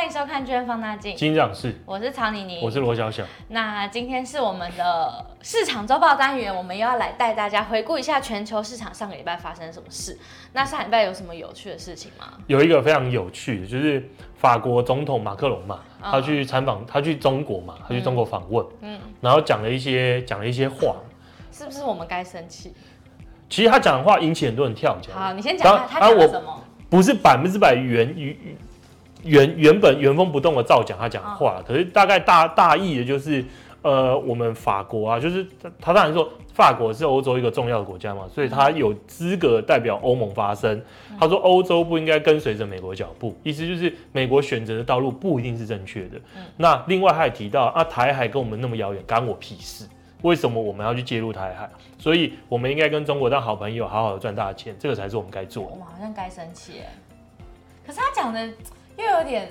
歡迎收看鉅亨 Fund 大鏡，金，金壤是，我是曹妮妮，我是羅小小。那今天是我們的市場週報單元，我們又要來帶大家回顧一下全球市場上個禮拜發生什麼事。那上禮拜有什麼有趣的事情嗎？有一個非常有趣的，就是法國總統馬克龍嘛，哦、他去參訪，他去中國嘛，他去中國訪問，嗯，然後講了一些講了一些話，是不是我們該生氣？其實他講的話引起很多人跳腳。好，你先講他講、啊、什麼？不是百分之百源於。原原本原封不動的照講他講的話，哦、可是大概大大意的就是，呃，我們法國啊，就是他當然說法國是歐洲一個重要的國家嘛，所以他有資格代表歐盟發聲。嗯、他說歐洲不應該跟隨着美國腳步，嗯、意思就是美國選擇的道路不一定是正確的。嗯、那另外他也提到啊，台海跟我們那麼遙遠，關我屁事？為什麼我們要去介入台海？所以我們應該跟中國當好朋友，好好的賺大錢，這個才是我們該做的。我、嗯、好像該生氣、欸、可是他講的。又有點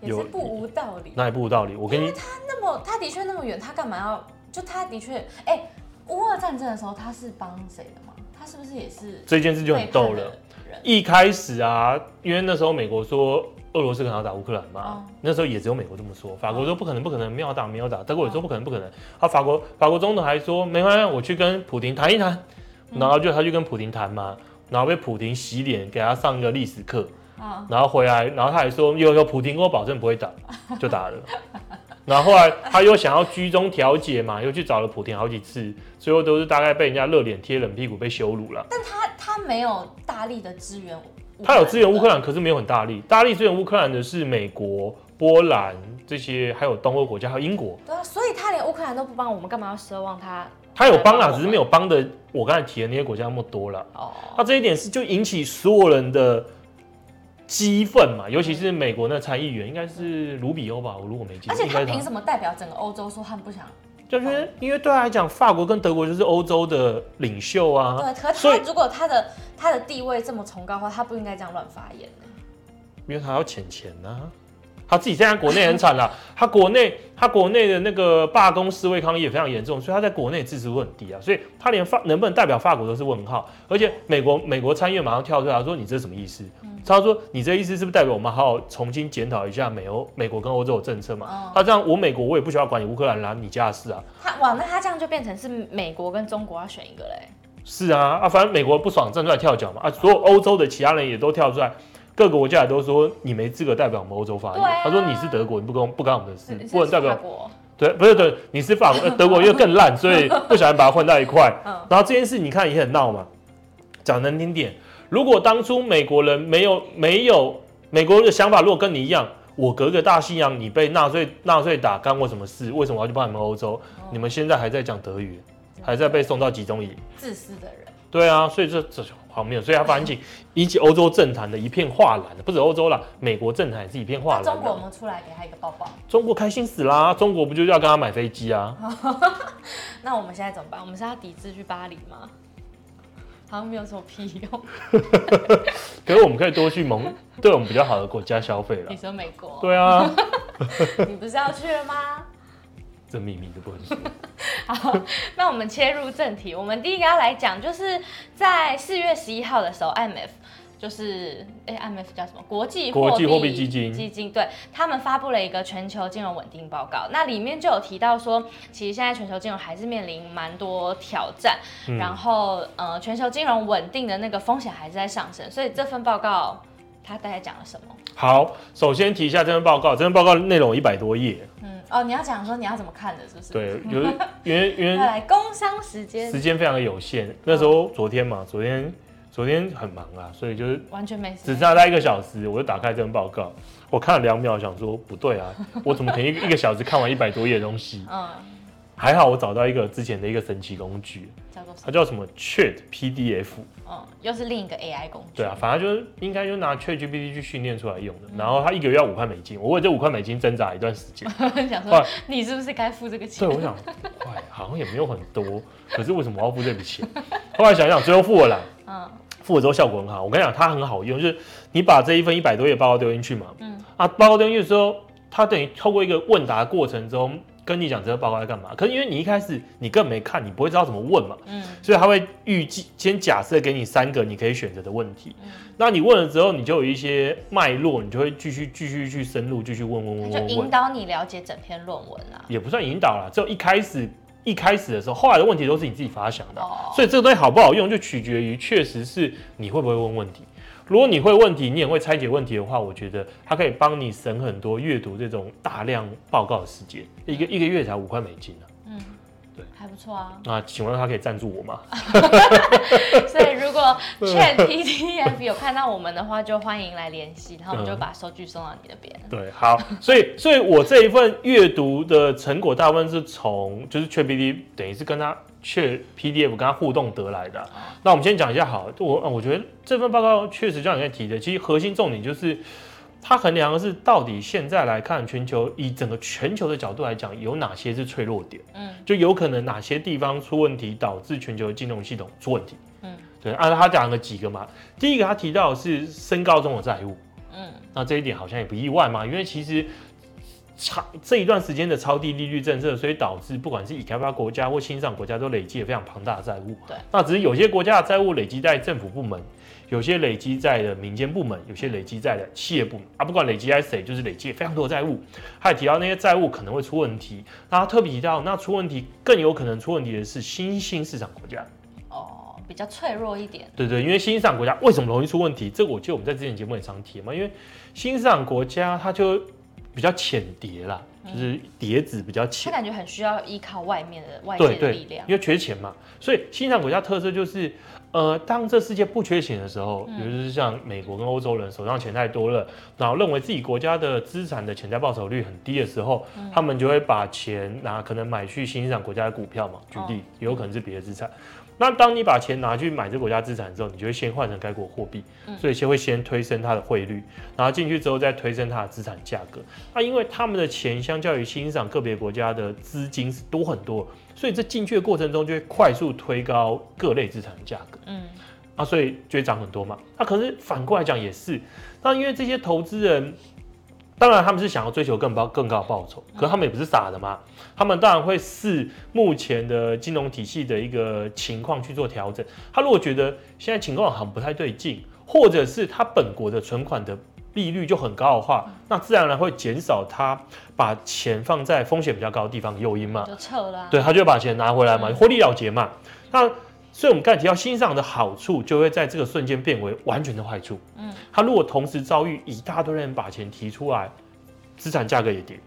也是不無道理，那也不無道理。我跟你因為他那麼，他的確那麼遠，他幹嘛要？就他的確，哎、欸，烏俄戰爭的時候，他是幫誰的嗎？他是不是也是這件事就很逗了？一開始啊，因為那時候美國說俄羅斯可能要打烏克蘭嘛，哦、那時候也只有美國這麼說，法國說不可能不可能，哦、沒有打沒有打，德國也說不可能不可能。他、哦、法國法國總統還說沒關係，我去跟普丁談一談。然後就他去跟普丁談嘛，然後被普丁洗臉，給他上一個歷史課。哦、然後回來，然後他還說有有普丁跟我保證不會打，就打了。 然後後來他又想要居中調解嘛，又去找了普丁好幾次，最後都是大概被人家熱臉貼冷屁股，被羞辱了。但他他沒有大力的支援的，他有支援烏克蘭，可是沒有很大力。大力支援烏克蘭的是美國、波蘭這些，還有東歐國家，還有英國。對啊，所以他連烏克蘭都不幫，我們幹嘛要奢望他？他有幫啊，幫啦只是沒有幫的我剛才提的那些國家那麼多了。哦，他這一點是就引起所有人的。激憤嘛，尤其是美國那參議員，嗯、應該是盧比歐吧？嗯、我如果沒記，而且他憑什麼代表整個歐洲說他們不想？就是因為對他來講，嗯、法國跟德國就是歐洲的領袖啊。對，可他如果他的以他的地位這麼崇高的話，他不應該這樣亂發言、欸、因為他要錢錢啊，他自己現在國內很慘了， 他國內他國內的那個罷工、思維、抗議也非常嚴重，所以他在國內支持度很低啊。所以他連法能不能代表法國都是問號。而且美國美國參議員馬上跳出來說：“你這是什麼意思？”嗯。他說：“你這意思是不是代表我們好好重新檢討一下美歐、美國跟歐洲的政策嘛？”他、哦啊、這樣，我美國我也不需要管你烏克蘭啦、你家的事啊。他哇，那他這樣就變成是美國跟中國要選一個嘞、欸？是啊，啊，反正美國不爽，站出來跳腳嘛。啊，所有歐洲的其他人也都跳出來，各個國家也都說你沒資格代表我們歐洲發言。啊、他說：“你是德國，你不公不干我們的事，不能、嗯、代表。是是國”對，不是對，你是法國， 德國因為更爛，所以不小心把它混在一塊。嗯、然後這件事你看也很鬧嘛，講難聽點。如果當初美國人沒有沒有美國的想法，如果跟你一樣，我隔個大西洋，你被納粹納粹打，干過什麼事？為什麼我要去幫你們歐洲？哦、你們現在還在講德語，的還在被送到集中營？自私的人。對啊，所以這這方有。所以他反省， 以及歐洲政壇的一片嘩然，不止歐洲啦，美國政壇也是一片嘩然、啊。中國我們出來給他一個抱抱。中國開心死啦！中國不就要跟他買飛機啊呵呵？那我們現在怎麼辦？我們是要抵制去巴黎嗎？好像沒有什麼屁用， 可是我們可以多去蒙對我們比較好的國家消費了。你說美國？對啊， 你不是要去了嗎？這秘密，都不能說。 好，那我們切入正題。我們第一個要來講，就是在四月十一號的時候，IMF 就是 IMF、欸、叫什麼？國際國際貨幣基金基金，基金對，他們發布了一個全球金融穩定報告。那裡面就有提到說，其實現在全球金融還是面臨蠻多挑戰，嗯、然後呃，全球金融穩定的那個風險還是在上升。所以這份報告他大概講了什麼？好，首先提一下這份報告，這份報告內容有一百多頁。嗯哦，你要講說你要怎麼看的，是不是？對，有原，原 來工商時間時間非常的有限。那時候昨天嘛，哦、昨天。昨天很忙啊，所以就是完全沒，事。只剩下大概一個小時，我就打開這份報告，我看了兩秒，想說不對啊，我怎麼可能一個小時看完一百多頁的東西？嗯，還好我找到一個之前的一個神奇工具，叫做它叫什麼 Chat PDF，哦，又是另一個 AI 工具。對啊，反正就是應該就拿 Chat GPT 去訓練出來用的，嗯、然後它一個月要五塊美金，我為這五塊美金掙扎一段時間，我很想說來你是不是該付這個錢？對，我想五塊好像也沒有很多，可是為什麼我要付這筆錢？ 後來想想，最後付了啦。嗯。付了之後效果很好，我跟你講，它很好用，就是你把這一份一百多頁報告丟進去嘛，嗯啊，報告丟進去之後，它等於透過一個問答的過程中跟你講這個報告在幹嘛。可是因為你一開始你根本沒看，你不會知道怎麼問嘛，嗯，所以他會預計先假設給你三個你可以選擇的問題，嗯，那你問了之後，你就有一些脈絡，你就會繼續繼續去深入，繼續問問問問問，就引導你了解整篇論文啊，也不算引導啦，就一開始。一開始的時候，後來的問題都是你自己發想的，oh. 所以這個東西好不好用，就取決於確實是你會不會問問題。如果你會問題，你也會拆解問題的話，我覺得它可以幫你省很多閱讀這種大量報告的時間。一個、嗯、一個月才五塊美金呢、啊。嗯。還不錯啊！那、啊、請問他可以贊助我嗎？ 所以如果 ChatPDF 有看到我們的話，就歡迎來聯繫，然後我們就把收據送到你那邊、嗯。對，好，所以所以我這一份閱讀的成果，大部分是從就是 ChatPDF 等於是跟他 ChatPDF 跟他互動得來的。那我們先講一下，好，我我覺得這份報告確實像你在提的，其實核心重點就是。他衡量的是，到底現在來看，全球以整個全球的角度來講，有哪些是脆弱點？嗯，就有可能哪些地方出問題，導致全球的金融系統出問題。嗯，對，按、啊、他講了幾個嘛，第一個他提到的是升高中的債務，嗯，那這一點好像也不意外嘛，因為其實超這一段時間的超低利率政策，所以導致不管是已開發國家或新興國家，都累積了非常龐大的債務。對，那只是有些國家的債務累積在政府部門。有些累積在的民間部門，有些累積在的企業部門啊，不管累積在誰，就是累積非常多的債務。還提到那些債務可能會出問題，那特別提到那出問題更有可能出問題的是新興市場國家。哦，比較脆弱一點。對，對對，因為新興市場國家為什麼容易出問題？這個、我記得我們在之前節目也常提嘛，因為新興市場國家它就比較淺碟啦，嗯、就是碟子比較淺。他感覺很需要依靠外面的外界的力量，對對對，因為缺錢嘛。所以新興市場國家特色就是。呃，當這世界不缺錢的時候，比如、嗯、是像美國跟歐洲人手上錢太多了，然後認為自己國家的資產的潛在報酬率很低的時候，嗯、他們就會把錢拿可能買去新興市場國家的股票嘛，舉例，哦、有可能是別的資產。那當你把錢拿去買這個國家資產之後，你就會先換成該國貨幣，所以先會先推升它的匯率，然後進去之後再推升它的資產價格。那、啊、因為他們的錢相較於新興個別國家的資金是多很多，所以這進去的過程中就會快速推高各類資產的價格。嗯，啊，所以就會漲很多嘛。那、啊、可是反過來講也是，那因為這些投資人。當然，他們是想要追求更高更高報酬，可是他們也不是傻的嘛。他們當然會視目前的金融體系的一個情況去做調整。他如果覺得現在情況很不太對勁，或者是他本國的存款的利率就很高的話，那自然而然會減少他把錢放在風險比較高的地方誘因嘛。就撤了。對，他就把錢拿回來嘛，獲利了結嘛。那。所以，我們剛才提到新興市場的好處，就會在這個瞬間變為完全的壞處。嗯，它如果同時遭遇一大堆人把錢提出來，資產價格也跌，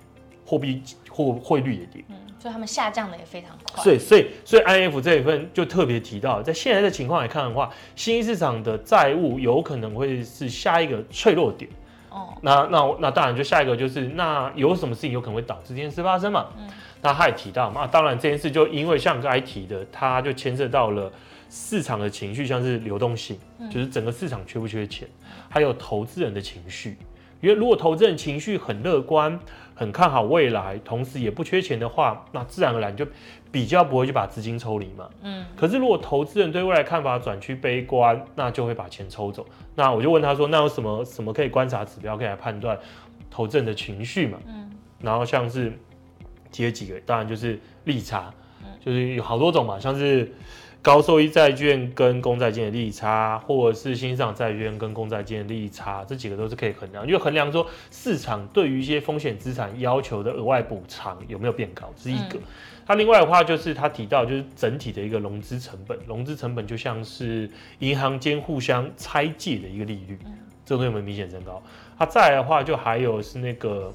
貨幣、貨匯率也跌。嗯，所以他們下降的也非常快。所以所以所以 IMF 這一份就特別提到，在現在的情況來看的話，新市場的債務有可能會是下一個脆弱點。哦，那那那當然，就下一個就是那有什麼事情有可能會導致這件事發生嘛？嗯。那他也提到嘛、啊，當然這件事就因為像剛才提的，他就牽涉到了市場的情緒，像是流動性，嗯、就是整個市場缺不缺錢，還有投資人的情緒。因為如果投資人情緒很樂觀，很看好未來，同時也不缺錢的話，那自然而然就比較不會去把資金抽離嘛。嗯。可是如果投資人對未來看法轉趨悲觀，那就會把錢抽走。那我就問他說，那有什麼什麼可以觀察指標可以來判斷投資人的情緒嘛？嗯。然後像是。提了幾個，當然就是利差，就是有好多種嘛，像是高收益債券跟公債間的利差，或者是新興債券跟公債間的利差，這幾個都是可以衡量，因為衡量說市場對於一些風險資產要求的額外補償有沒有變高，是一個。那、嗯、另外的話就是他提到就是整體的一個融資成本，融資成本就像是銀行間互相拆借的一個利率，這個有沒有明顯增高？它、啊、再來的話就還有是那個。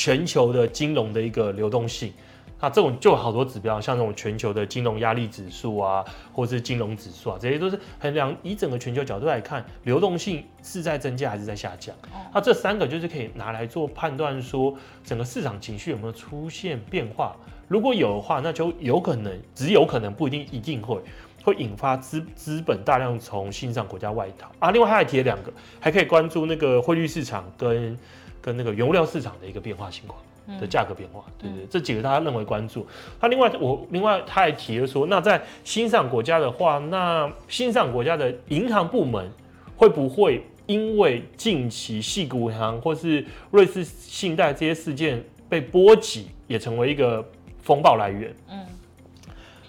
全球的金融的一個流動性，那、啊、這種就好多指標，像這種全球的金融壓力指數啊，或者是金融指數啊，這些都是衡量以整個全球角度來看流動性是在增加還是在下降。那、啊、這三個就是可以拿來做判斷，說整個市場情緒有沒有出現變化。如果有的話，那就有可能，只有可能，不一定一定會。會引發資資本大量從新興國家外逃啊！另外，他還提了兩個，還可以關注那個匯率市場跟跟那個原物料市場的一個變化情況的價格變化，嗯、對不對，對。這幾個大家認為關注。他另外，我另外他還提了說，那在新興國家的話，那新興國家的銀行部門會不會因為近期矽谷銀行或是瑞士信貸這些事件被波及，也成為一個風暴來源？嗯，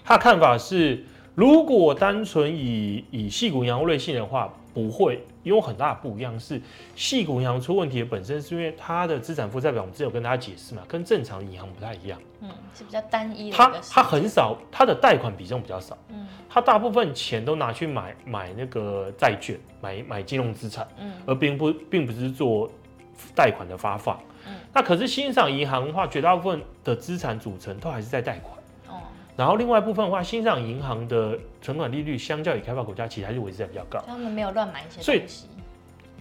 他的看法是。如果單純以以矽谷銀行為類型的話，不會，因為很大的不一樣是矽谷銀行出問題的本身是因為它的資產負債表，我們之前有跟大家解釋嘛，跟正常銀行不太一樣。嗯，是比較單一的一。它它很少，它的貸款比重比較少。嗯，它大部分錢都拿去買買那個債券，買買金融資產。嗯，而並不並不是做貸款的發放。嗯，那可是欣賞銀行的話，絕大部分的資產組成都還是在貸款。然後另外一部分的話，新上銀行的存款利率相較於開發國家，其實還是維持在比較高。他們沒有亂買一些東西所以。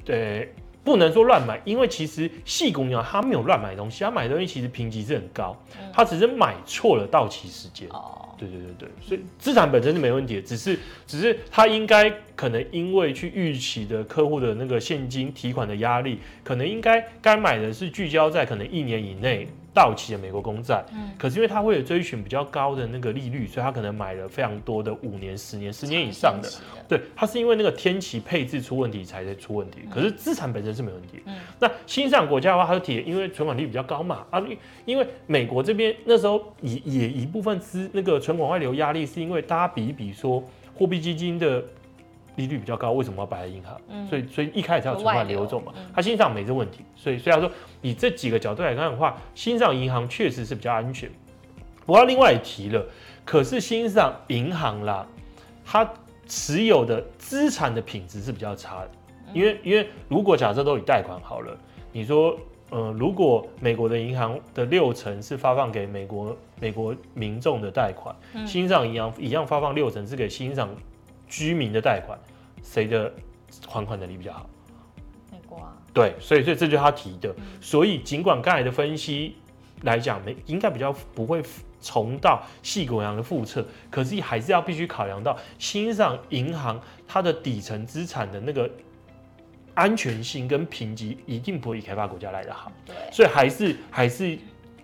對，不能說亂買，因為其實矽谷銀行他沒有亂買東西，他買東西其實評級是很高，嗯、他只是買錯了到期時間。哦，對對對對，所以資產本身是沒問題的，只是只是他應該可能因為去預期的客戶的那個現金提款的壓力，可能應該該買的是聚焦在可能一年以內。到期的美國公債，嗯，可是因為它會有追尋比較高的那個利率，所以它可能買了非常多的五年、十年、十年以上的，對，它是因為那個天期配置出問題才出問題，嗯，可是資產本身是沒問題，嗯，那新興國家的話，它的體因為存款利率比較高嘛，啊，因為美國這邊那時候也也一部分資那個存款外流壓力，是因為大家比一比說貨幣基金的。利率比較高，為什麼要擺在銀行？嗯、所以，所以一開始要存款流動嘛。嗯、他新興沒這問題，所以，所以他說，以這幾個角度來看的話，新興銀行確實是比較安全。我要另外一提了，可是新興銀行啦，他持有的資產的品質是比較差的，因為，因為如果假設都以貸款好了，你說，呃，如果美國的銀行的六成是發放給美國美國民眾的貸款，新興、嗯、銀行一樣發放六成是給新興居民的貸款，誰的還款能力比較好？美國啊？對，所以所以這就是他提的。所以儘管剛才的分析來講，呢，應該比較不會重蹈矽谷銀行的覆轍，可是還是要必須考量到，新上銀行它的底層資產的那個安全性跟評級，一定不會以開發國家來得好。對，所以還是還是。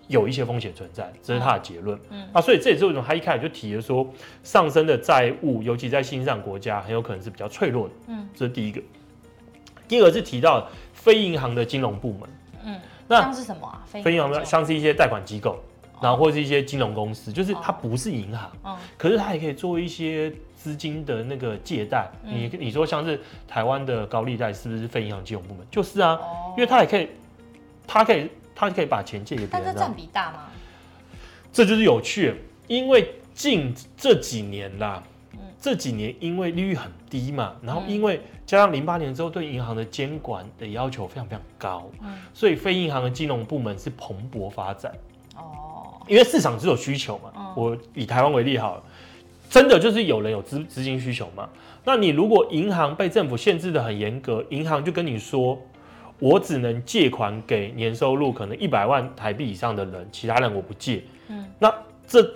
有一些風險存在，這是他的結論，嗯。嗯，啊，所以這也是為什麼他一開始就提了說，上升的債務，尤其在新興國家，很有可能是比較脆弱的。嗯，這是第一個。第二個是提到非銀行的金融部門。嗯，那是什麼啊？非銀行，非銀行像是一些貸款機構，哦、然後或是一些金融公司，就是它不是銀行，哦、可是它也可以做一些資金的那個借貸。嗯、你你說像是台灣的高利貸，是不是非銀行金融部門？就是啊，哦、因為它也可以，它可以。他可以把錢借給別人，但這占比大嗎？這就是有趣，因為近這幾年啦，這幾年因為利率很低嘛，然後因為加上零八年之後對銀行的監管的要求非常非常高，所以非銀行的金融部門是蓬勃發展。哦，因為市場只有需求嘛。我以台灣為例，好了，真的就是有人有資資金需求嘛？那你如果銀行被政府限制得很嚴格，銀行就跟你說。我只能借款給年收入可能一百萬台幣以上的人，其他人我不借。嗯，那這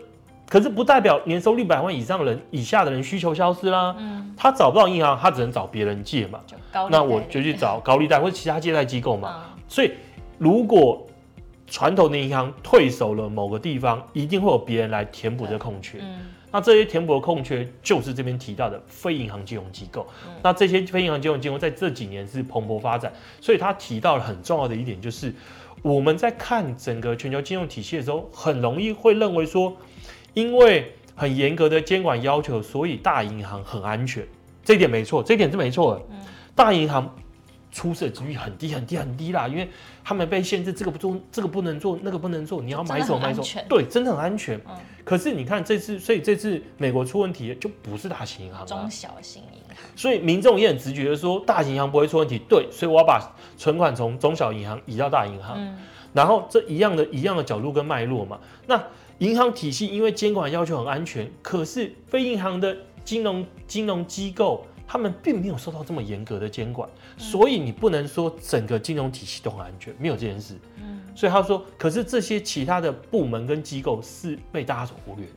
可是不代表年收入一百萬以上的人以下的人需求消失啦、啊。嗯，他找不到銀行，他只能找別人借嘛。那我就去找高利貸或者其他借貸機構嘛。好所以，如果傳統的銀行退守了某個地方，一定會有別人來填補這個空缺。嗯嗯那這些填補的空缺就是這邊提到的非銀行金融機構。那這些非銀行金融機構在這幾年是蓬勃發展，所以他提到了很重要的一點，就是我們在看整個全球金融體系的時候，很容易會認為說，因為很嚴格的監管要求，所以大銀行很安全。這一點沒錯，這一點是沒錯的。大銀行。出事機率很低很低很低啦，因為他們被限制，這個不做，這個不能做，那個不能做。你要買走買走，對，真的很安全。嗯、可是你看這次，所以這次美國出問題就不是大型銀行，啊、中小型銀行。所以民眾也很直覺的說，大型銀行不會出問題，對，所以我要把存款從中小銀行移到大銀行。嗯、然後這一樣的一樣的角度跟脈絡嘛，那銀行體系因為監管要求很安全，可是非銀行的金融金融機構。他們並沒有受到這麼嚴格的監管，嗯、所以你不能說整個金融體系都很安全，沒有這件事。嗯，所以他說，可是這些其他的部門跟機構是被大家所忽略的。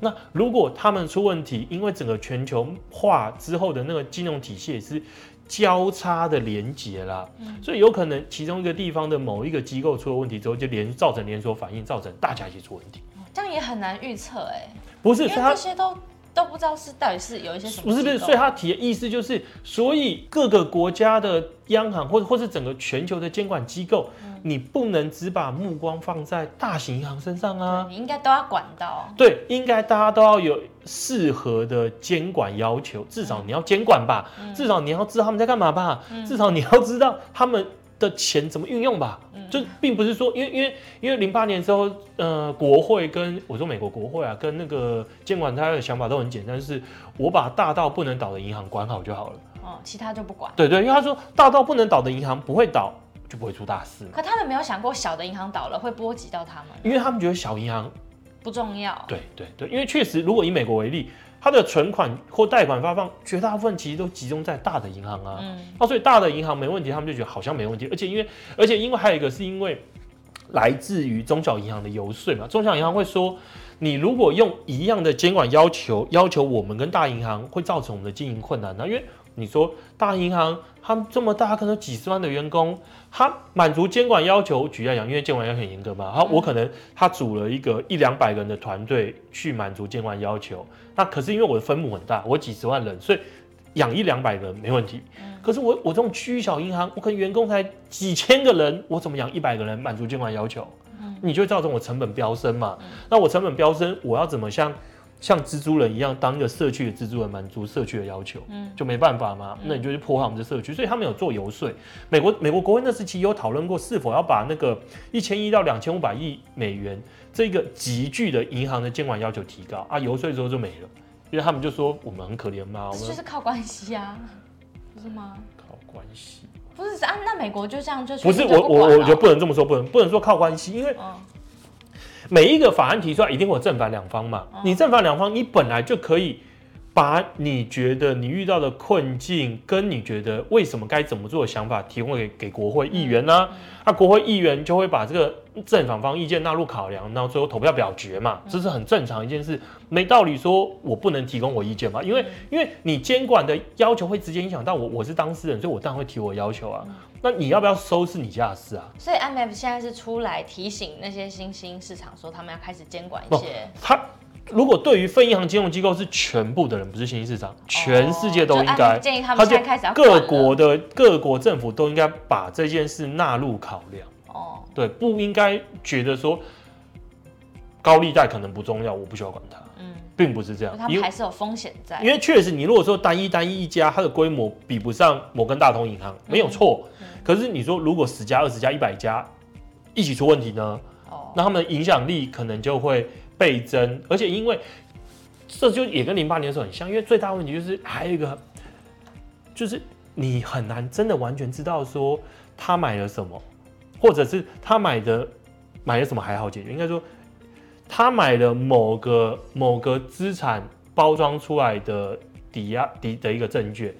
那如果他們出問題，因為整個全球化之後的那個金融體系也是交叉的連接啦，嗯、所以有可能其中一個地方的某一個機構出了問題之後，就連造成連鎖反應，造成大家一起出問題。這樣也很難預測、欸，哎，不是，因為這些都。都不知道是到底是有一些什麼？不是不是，所以他提的意思就是，所以各個國家的央行或者或是整個全球的監管機構，嗯、你不能只把目光放在大型銀行身上啊，你應該都要管到。對，應該大家都要有適合的監管要求，至少你要監管吧，嗯、要吧，至少你要知道他們在幹嘛吧，嗯、至少你要知道他們。的錢怎麼運用吧，嗯、就並不是說，因為因為因為零八年之後，呃，國會跟我說美國國會啊，跟那個監管他的想法都很簡單，就是我把大到不能倒的銀行管好就好了，哦，其他就不管。對，對對，因為他說大到不能倒的銀行不會倒，就不會出大事。可他們沒有想過小的銀行倒了會波及到他們，因為他們覺得小銀行不重要。對對對，因為確實，如果以美國為例。他的存款或貸款發放，絕大部分其實都集中在大的銀行啊，嗯，啊，那所以大的銀行沒問題，他們就覺得好像沒問題。而且因為，而且因為還有一個是因為來自於中小銀行的遊說嘛，中小銀行會說，你如果用一樣的監管要求，要求我們跟大銀行，會造成我們的經營困難呢？因為。你說大銀行，他們這麼大，可能幾十萬的員工，他滿足監管要求，舉例來講，因為監管要求很嚴格嘛。他我可能他組了一個一兩百個人的團隊去滿足監管要求。那可是因為我的分母很大，我幾十萬人，所以養一兩百人沒問題。可是我我這種區域小銀行，我可能員工才幾千個人，我怎麼養一百個人滿足監管要求？你就會造成我成本飆升嘛。那我成本飆升，我要怎麼向？像蜘蛛人一樣，當一個社區的蜘蛛人，滿足社區的要求，嗯，就沒辦法嘛。嗯、那你就去破壞我們的社區。所以他們有做遊說，美國美國國會那時期有討論過是否要把那個一千億到兩千五百億美元這個級距的銀行的監管要求提高啊。遊說之後就沒了，因為他們就說我們很可憐嗎，我們就是靠關係啊，不是嗎？靠關係不是啊？那美國就這樣，就是不是我我我就不能這麼說，不能不能說靠關係，因為。每一個法案提出來，一定會有正反兩方嘛。你正反兩方，你本來就可以把你覺得你遇到的困境，跟你覺得為什麼該怎麼做的想法提供給給國會議員呢？那國會議員就會把這個正反方意見納入考量，然後最後投票表決嘛，這是很正常一件事。沒道理說我不能提供我意見嘛，因為因為你監管的要求會直接影響到我，我是當事人，所以我當然會提我要求啊。那你要不要收拾你家的事啊？所以 M F 現在是出來提醒那些新興市場，說他們要開始監管一些。他如果對於非銀行金融機構是全部的人，不是新興市場，哦、全世界都應該、啊、建議他們現在開始各國的各國政府都應該把這件事納入考量。哦，對，不應該覺得說。高利貸可能不重要，我不需要管它。嗯，並不是這樣，因為、他們還是有風險在。因為確實，你如果說單一單一一家，它的規模比不上摩根大通銀行，嗯、沒有錯。嗯、可是你說，如果十家、二十家、一百家一起出問題呢？哦、嗯。那他們的影響力可能就會倍增，哦、而且因為這就也跟零八年的時候很像，因為最大的問題就是還有一個，就是你很難真的完全知道說他買了什麼，或者是他買的買了什麼還好解決，應該說。他買了某個某個資產包裝出來的抵押抵的一個證券，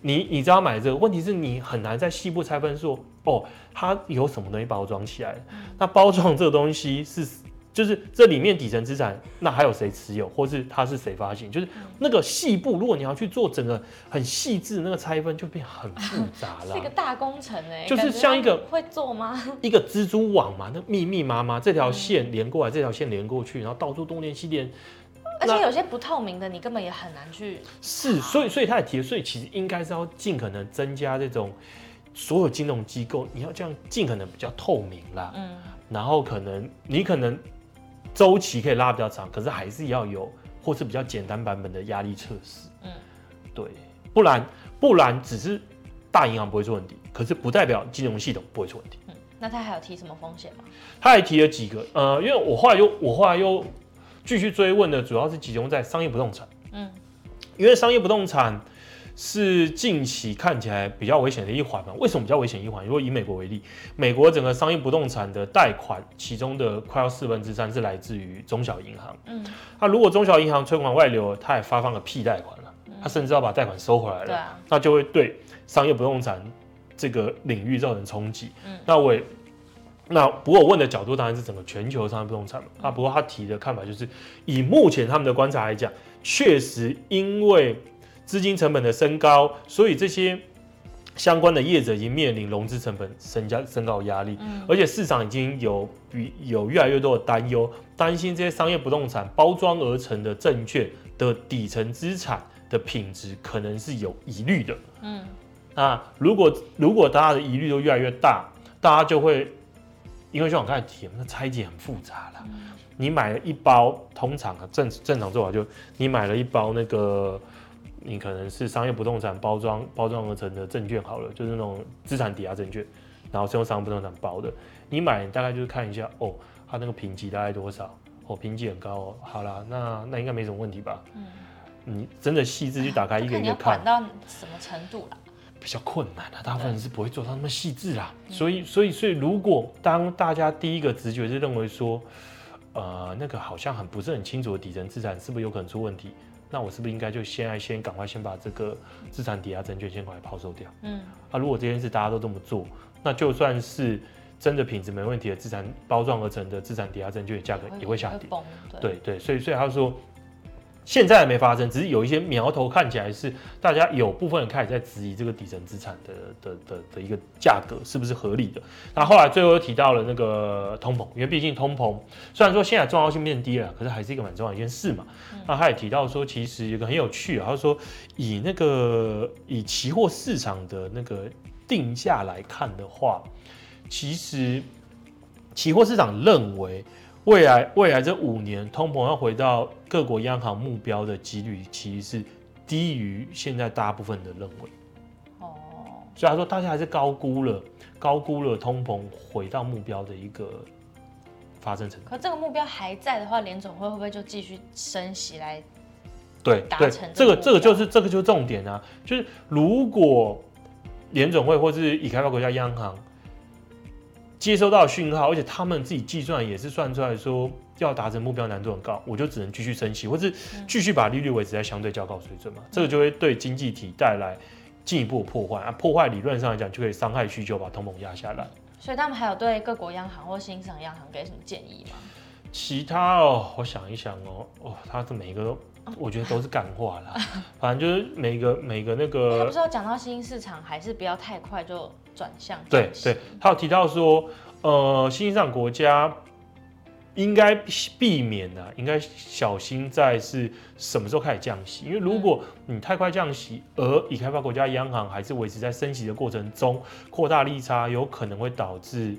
你你知道買這個，問題是你很難在細部拆分說哦，他有什麼東西包裝起來？嗯、那包裝這個東西是。就是這裡面底層資產，那還有誰持有，或是它是誰发行？就是那個細部，如果你要去做整個很細緻的那個拆分，就變很複雜了。 是一個大工程哎、欸，就是像一個會做嗎？一個蜘蛛網嘛，那密密麻麻，這條線連過來，嗯、這條線連過去，然後到處東連西連，而且有些不透明的，你根本也很難去。是，所以所以它的題，所以其實應該是要尽可能增加這種所有金融機構，你要這樣尽可能比較透明啦。嗯，然後可能你可能。週期可以拉比較長，可是還是要有或是比較簡單版本的壓力測試。嗯，對，不然不然只是大銀行不會出問題，可是不代表金融系統不會出問題。嗯，那他還有提什麼風險嗎？他還提了幾個，呃，因為我後來又我後來又繼續追問的，主要是集中在商業不動產。嗯，因為商業不動產。是近期看起來比較危險的一環嘛？為什麼比較危險一環？因為以美國為例，美國整個商業不動產的貸款，其中的快要四分之三是來自於中小銀行。嗯，那如果中小銀行存款外流，他也發放了屁貸款了，他甚至要把貸款收回來了。嗯，那就會對商業不動產這個領域造成衝擊。嗯，那我也那不過我問的角度當然是整個全球商業不動產嘛。啊，不過他提的看法就是，以目前他們的觀察來講，確實因為。資金成本的升高，所以這些相關的業者已經面臨融資成本升加升高壓力。嗯，而且市場已經有有越來越多的擔憂，擔心這些商業不動產包裝而成的證券的底層資產的品質可能是有疑慮的。嗯，那如果如果大家的疑慮都越來越大，大家就會因為像我剛才提的，那拆解很複雜了。嗯，你買了一包，通常正正常做法就你買了一包那個。你可能是商業不動產包裝包裝而成的證券好了，就是那種資產抵押證券，然後是用商業不動產包的。你買你大概就是看一下哦，它那個評級大概多少？哦，評級很高哦，好啦，那那應該沒什麼問題吧？嗯，你真的細緻去打開一個一個，一個看，哎，看你到什麼程度啦？比較困難啊，大部分人是不會做到那麼細緻啦。嗯，所以，所以，所以，如果當大家第一個直覺就認為說，呃，那個好像很不是很清楚的底層資產，是不是有可能出問題？那我是不是應該就先先趕快先把這個資產抵押證券先把它拋售掉？嗯，啊，如果這件事大家都這麼做，那就算是真的品質沒問題的資產包裝而成的資產抵押證券價格也會下跌。對，對，對，所以所以他說。現在還沒發生，只是有一些苗頭，看起來是大家有部分人開始在質疑這個底層資產的的的的一個價格是不是合理的。然後，後來最後又提到了那個通膨，因為畢竟通膨雖然說現在的重要性變低了，可是還是一個蠻重要的一件事嘛。那、嗯啊、他也提到說，其實有一個很有趣的，他說以那個以期貨市場的那個定價來看的話，其實期貨市場認為。未來未來這五年通膨要回到各國央行目標的幾率，其實是低於現在大部分的認為。哦，所以他說大家還是高估了高估了通膨回到目標的一個發生程度。可這個目標還在的話，聯準會會不會就繼續升息來對達成這個，對對這個？這個就是這個就是重點啊，就是如果聯準會或是已開發國家央行。接收到訊號，而且他們自己計算也是算出來說要達成目標難度很高，我就只能繼續升息，或是繼續把利率維持在相對較高水準嘛，嗯、這個就會對經濟體帶來進一步的破壞、嗯、啊，破壞理論上來講就可以傷害需求，把通膨壓下來。所以他們還有對各國央行或新興央行給什麼建議嗎？其他哦，我想一想哦，哦，他的每一個都。我覺得都是感化啦， 反正就是每個 每個那個，他不知道講到新興市場，還是不要太快就轉向。對對，他有提到說，呃，新興市場國家應該避免啊，應該小心在是什麼時候開始降息，因為如果你太快降息， 而已開發國家央行還是維持在升息的過程中，擴大利差有可能會導致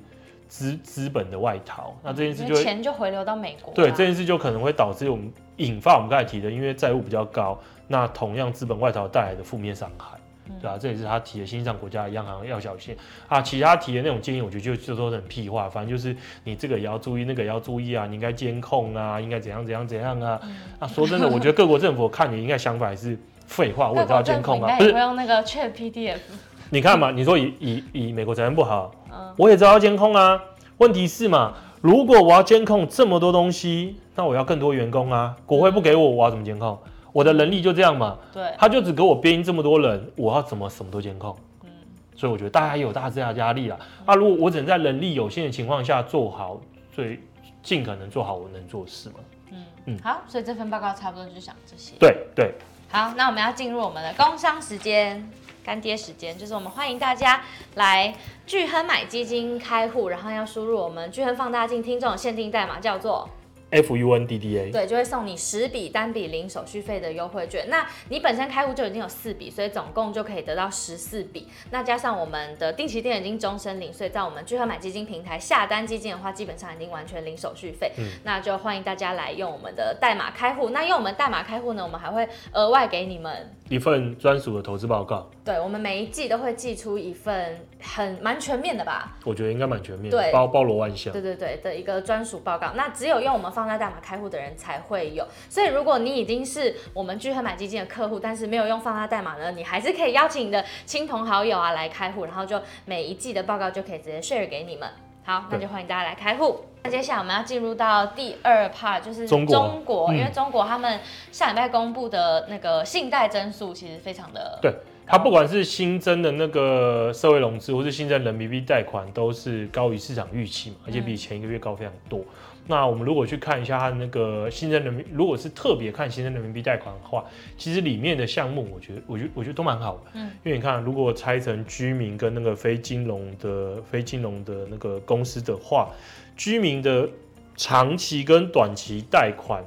資資本的外逃，嗯、那這件事就錢就回流到美國。對，這件事就可能會導致我們。引發我們剛才提的，因為債務比較高，那同樣資本外逃帶來的負面傷害，嗯、對吧、啊？這也是他提的，新興國家的央行要小心。啊，其他提的那種建議，我覺得就都很屁話。反正就是你這個也要注意，那個也要注意啊，你應該監控啊，應該怎樣怎樣怎樣啊。那、嗯啊、說真的，我覺得各國政府 看你應該想法還是廢話。我也知道監控啊，不用那個 ChatPDF。是 你看嘛，你說以以以美國財政不好，嗯、我也知道要監控啊。問題是嘛？如果我要監控這麼多東西，那我要更多員工啊！國會不給我，我要怎麼監控？我的能力就這樣嘛？哦、對，他就只給我編這麼多人，我要怎麼什麼都監控？嗯，所以我覺得大家有大家這樣的壓力啦。那、嗯啊、如果我只能在能力有限的情況下做好，最盡可能做好我能做的事嘛？嗯嗯，嗯好，所以這份報告差不多就想這些。對對，對好，那我們要進入我們的工商時間。乾爹時間，就是我們歡迎大家來鉅亨買基金開戶，然後要輸入我們鉅亨放大鏡聽眾的限定代碼，叫做。FUNDDA 對，就會送你十筆單筆零手續費的優惠券。那你本身開戶就已經有四筆，所以總共就可以得到十四筆。那加上我們的定期定額金終身領，所以在我們鉅亨買基金平台下單基金的話，基本上已經完全零手續費。嗯，那就歡迎大家來用我們的代碼開戶。那用我們代碼開戶呢，我們還會額外給你們一份專屬的投資報告。對，我們每一季都會寄出一份很蠻全面的吧？我覺得應該蠻全面，對包包羅萬象。對對對，的一個專屬報告。那只有用我們。放大代碼開戶的人才會有，所以如果你已經是我們鉅亨買基金的客戶，但是沒有用放大代碼呢，你還是可以邀請你的親朋好友啊來開戶，然後就每一季的報告就可以直接 share 給你們。好，那就歡迎大家來開戶。那接下來我們要進入到第二 part，就是中國，因為中國他們下禮拜公布的那個信貸增速其實非常的，對，它不管是新增的那個社會融資，或是新增人民幣貸款，都是高於市場預期嘛，而且比前一個月高非常多。那我們如果去看一下它的那個新增人民，如果是特別看新增人民幣貸款的話，其實裡面的項目，我覺得，我覺得，我覺得都蠻好的。嗯，因為你看，如果拆成居民跟那個非金融的非金融的那個公司的話，居民的長期跟短期貸款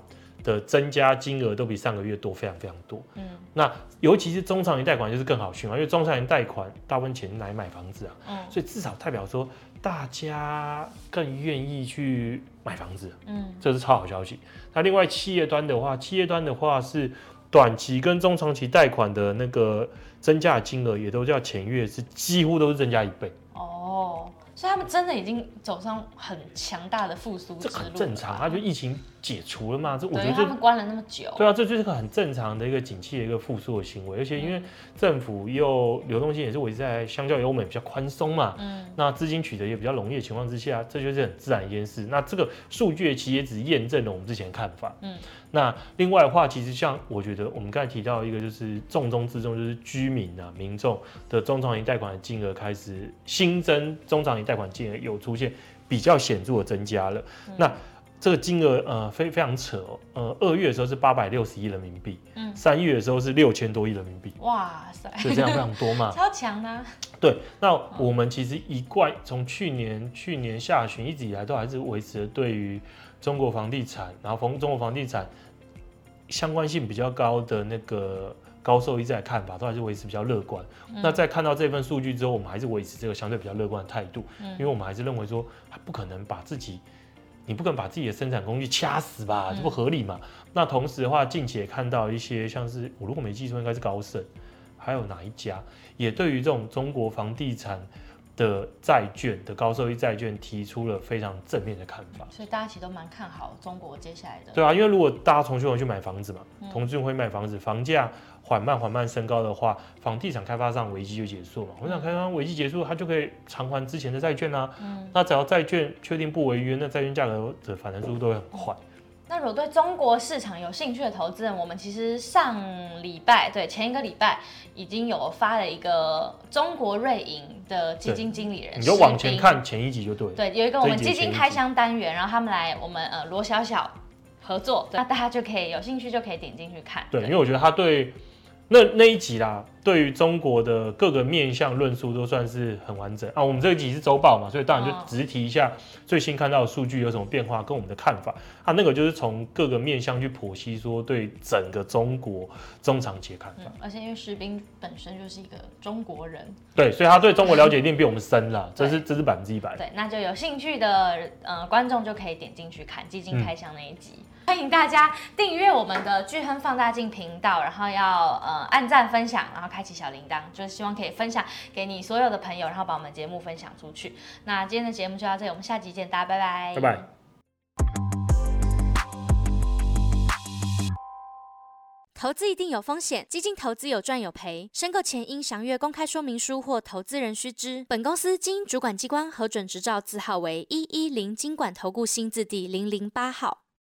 的增加金額都比上個月多，非常非常多。嗯，那尤其是中長期貸款就是更好訊啊，因為中長期貸款大部分錢來買房子啊，嗯，所以至少代表說大家更願意去買房子，嗯，這是超好消息。那另外企業端的話，企業端的話是短期跟中長期貸款的那個增加金額也都較前月是幾乎都是增加一倍。哦，所以他們真的已經走上很強大的復甦。啊，這很正常，他就疫情。解除了嘛？這我覺得他們關了那麼久，對啊，這就是個很正常的一個景氣的一個復甦的行為，而且因為政府又流動性也是，維持在相較於歐美比較寬鬆嘛，嗯，那資金取得也比較容易的情況之下，這就是很自然一件事。那這個數據其實也只驗證了我們之前的看法。嗯，那另外的話，其實像我覺得我們剛才提到一個就是重中之重就是居民啊民眾的中長期貸款的金額開始新增，中長期貸款金額有出現比較顯著的增加了。那、嗯這個金額呃、非非常扯，呃二月的時候是八百六十億人民幣，嗯，三月的時候是六千多億人民幣。哇塞，就這樣非常多嘛，超強呢、啊、對，那我們其實一貫從去年去年下旬一直以來都還是維持對於中國房地產，然後逢中國房地產相關性比較高的那個高收益債看法都還是維持比較樂觀。嗯、那在看到這份數據之後，我們還是維持這個相對比較樂觀的態度，嗯，因為我們還是認為說不可能把自己。你不可能把自己的生產工具掐死吧？這不合理嘛。嗯、那同時的話，近期也看到一些像是，我如果沒記錯，應該是高盛，還有哪一家，也對於這種中國房地產的債券的高收益債券提出了非常正面的看法，嗯、所以大家其實都蠻看好中國接下來的。對啊，因為如果大家從中國去買房子嘛，從中、嗯、會買房子，房價緩慢緩慢升高的話，房地產開發商危機就結束了嘛。房地產開發商危機結束，他就可以償還之前的債券啊。嗯，那只要債券確定不違約，那債券價格的反彈速度都會很快。那如果對中國市場有興趣的投資人，我們其實上禮拜對前一個禮拜已經有發了一個中國瑞銀的基金經理人，你就往前看前一集就對。對，有一個我們基金開箱單元，然後他們來我們呃羅小小合作，對，那大家就可以有興趣就可以點進去看。對，對，因為我覺得他對那那一集啦。對於中國的各個面向論述都算是很完整啊。我們這集是周報嘛，所以當然就只是提一下最新看到的數據有什麼變化，跟我們的看法。啊那個就是從各個面向去剖析，說對整個中國中長期的看法、嗯。而且因為士兵本身就是一個中國人，對，所以他對中國了解一定比我們深了， 這是這是百分之一百。對，那就有興趣的呃觀眾就可以點進去看基金開箱那一集。嗯歡迎大家訂閱我們的鉅亨放大鏡頻道，然後要呃按讚分享，然後開啟小鈴鐺，就是希望可以分享給你所有的朋友，然後把我們節目分享出去。那今天的節目就到這裡，我們下集見，大家拜拜，拜拜。投資一定有風險，基金投資有賺有賠，申購前應詳閱公開說明書或投資人須知。本公司經主管機關核准，執照字號為一一零金管投顧新字第零零八號。